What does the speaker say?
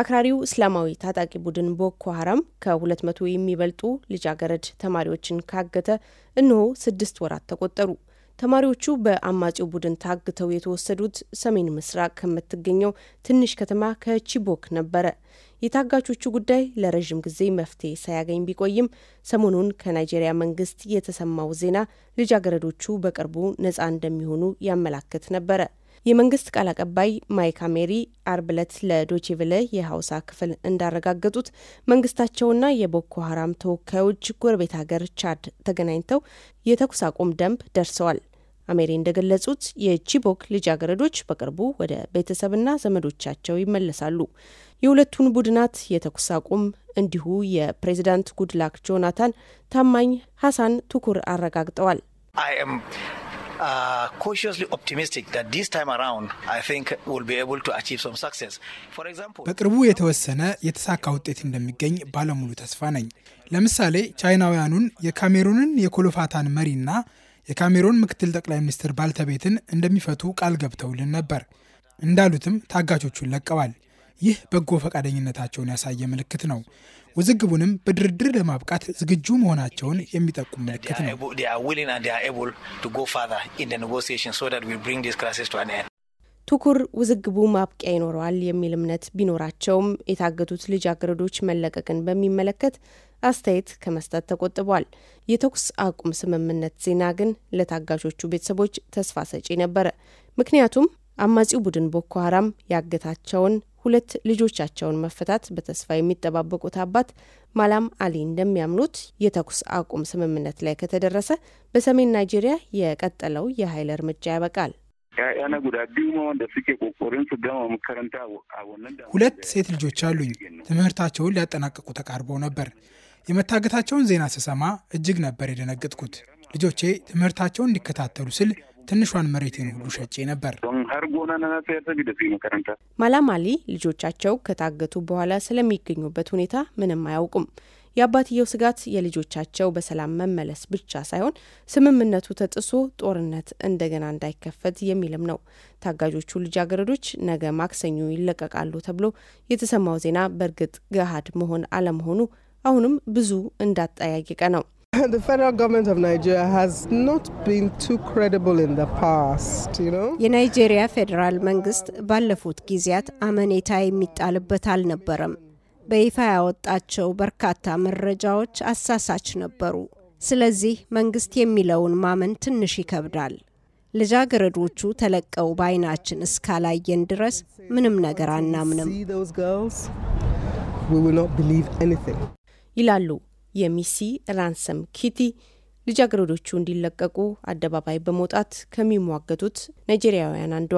አክራሪው እስላማዊ ታጣቂ ቡድን ቦኮ ሀራም ከ200 የሚበልጡ ልጃገረድ ተማሪዎችን ካገተ እነሆ ስድስት ወራት ተቆጠሩ። ተማሪዎቹ በአማጺው ቡድን ታግተው የተወሰዱት ሰሜን ምስራቅ ከምትገኘው ትንሽ ከተማ ከቺቦክ ነበረ። የታጋቾቹ ጉዳይ ለረዥም ጊዜ መፍትሄ ሳያገኝ ቢቆይም ሰሞኑን ከናይጄሪያ መንግስት የተሰማው ዜና ልጃገረዶቹ በቅርቡ ነፃ እንደሚሆኑ ያመላክት ነበረ። የመንግስት ቃል አቀባይ ማይክ አሜሪ አርብ ዕለት ለዶቼ የሀውሳ ክፍል እንዳረጋገጡት መንግስታቸውና የቦኮ ሀራም ተወካዮች ጎረቤት ሀገር ቻድ ተገናኝተው የተኩስ አቁም ደንብ ደርሰዋል። አሜሪ እንደገለጹት የቺቦክ ልጃገረዶች በቅርቡ ወደ ቤተሰብና ዘመዶቻቸው ይመለሳሉ። የሁለቱን ቡድናት የተኩስ አቁም እንዲሁ የፕሬዚዳንት ጉድላክ ጆናታን ታማኝ ሀሳን ቱኩር አረጋግጠዋል። uh, cautiously optimistic that this time around I think we'll be able to achieve some success. For example, በቅርቡ የተወሰነ የተሳካ ውጤት እንደሚገኝ ባለሙሉ ተስፋ ነኝ። ለምሳሌ ቻይናውያኑን የካሜሩንን የኮሎፋታን መሪና የካሜሩን ምክትል ጠቅላይ ሚኒስትር ባልተቤትን እንደሚፈቱ ቃል ገብተውልን ነበር። እንዳሉትም ታጋቾቹን ለቀዋል። ይህ በጎ ፈቃደኝነታቸውን ያሳየ ምልክት ነው። ውዝግቡንም በድርድር ለማብቃት ዝግጁ መሆናቸውን የሚጠቁም ምልክት ነው። ትኩር ውዝግቡ ማብቂያ ይኖረዋል የሚል እምነት ቢኖራቸውም የታገቱት ልጃገረዶች መለቀቅን በሚመለከት አስተያየት ከመስጠት ተቆጥቧል። የተኩስ አቁም ስምምነት ዜና ግን ለታጋቾቹ ቤተሰቦች ተስፋ ሰጪ ነበረ። ምክንያቱም አማጺው ቡድን ቦኮ ሀራም ያገታቸውን ሁለት ልጆቻቸውን መፈታት በተስፋ የሚጠባበቁት አባት ማላም አሊ እንደሚያምኑት የተኩስ አቁም ስምምነት ላይ ከተደረሰ በሰሜን ናይጄሪያ የቀጠለው የኃይል እርምጃ ያበቃል። ሁለት ሴት ልጆች አሉኝ። ትምህርታቸውን ሊያጠናቅቁ ተቃርበው ነበር። የመታገታቸውን ዜና ስሰማ እጅግ ነበር የደነገጥኩት። ልጆቼ ትምህርታቸውን እንዲከታተሉ ስል ትንሿን መሬቴን ሁሉ ሸጬ ነበር። ማላማሊ ልጆቻቸው ከታገቱ በኋላ ስለሚገኙበት ሁኔታ ምንም አያውቁም። የአባትየው ስጋት የልጆቻቸው በሰላም መመለስ ብቻ ሳይሆን ስምምነቱ ተጥሶ ጦርነት እንደገና እንዳይከፈት የሚልም ነው። ታጋጆቹ ልጃገረዶች ነገ ማክሰኞ ይለቀቃሉ ተብሎ የተሰማው ዜና በእርግጥ ገሃድ መሆን አለመሆኑ አሁንም ብዙ እንዳጠያየቀ ነው። የናይጄሪያ ፌዴራል መንግስት ባለፉት ጊዜያት አመኔታ የሚጣልበት አልነበረም። በይፋ ያወጣቸው በርካታ መረጃዎች አሳሳች ነበሩ። ስለዚህ መንግስት የሚለውን ማመን ትንሽ ይከብዳል። ልጃገረዶቹ ተለቀው በአይናችን እስካላየን ድረስ ምንም ነገር አናምንም ይላሉ። የሚሲ ራንሰም ኪቲ ልጃገረዶቹ እንዲለቀቁ አደባባይ በመውጣት ከሚሟገቱት ናይጄሪያውያን አንዷ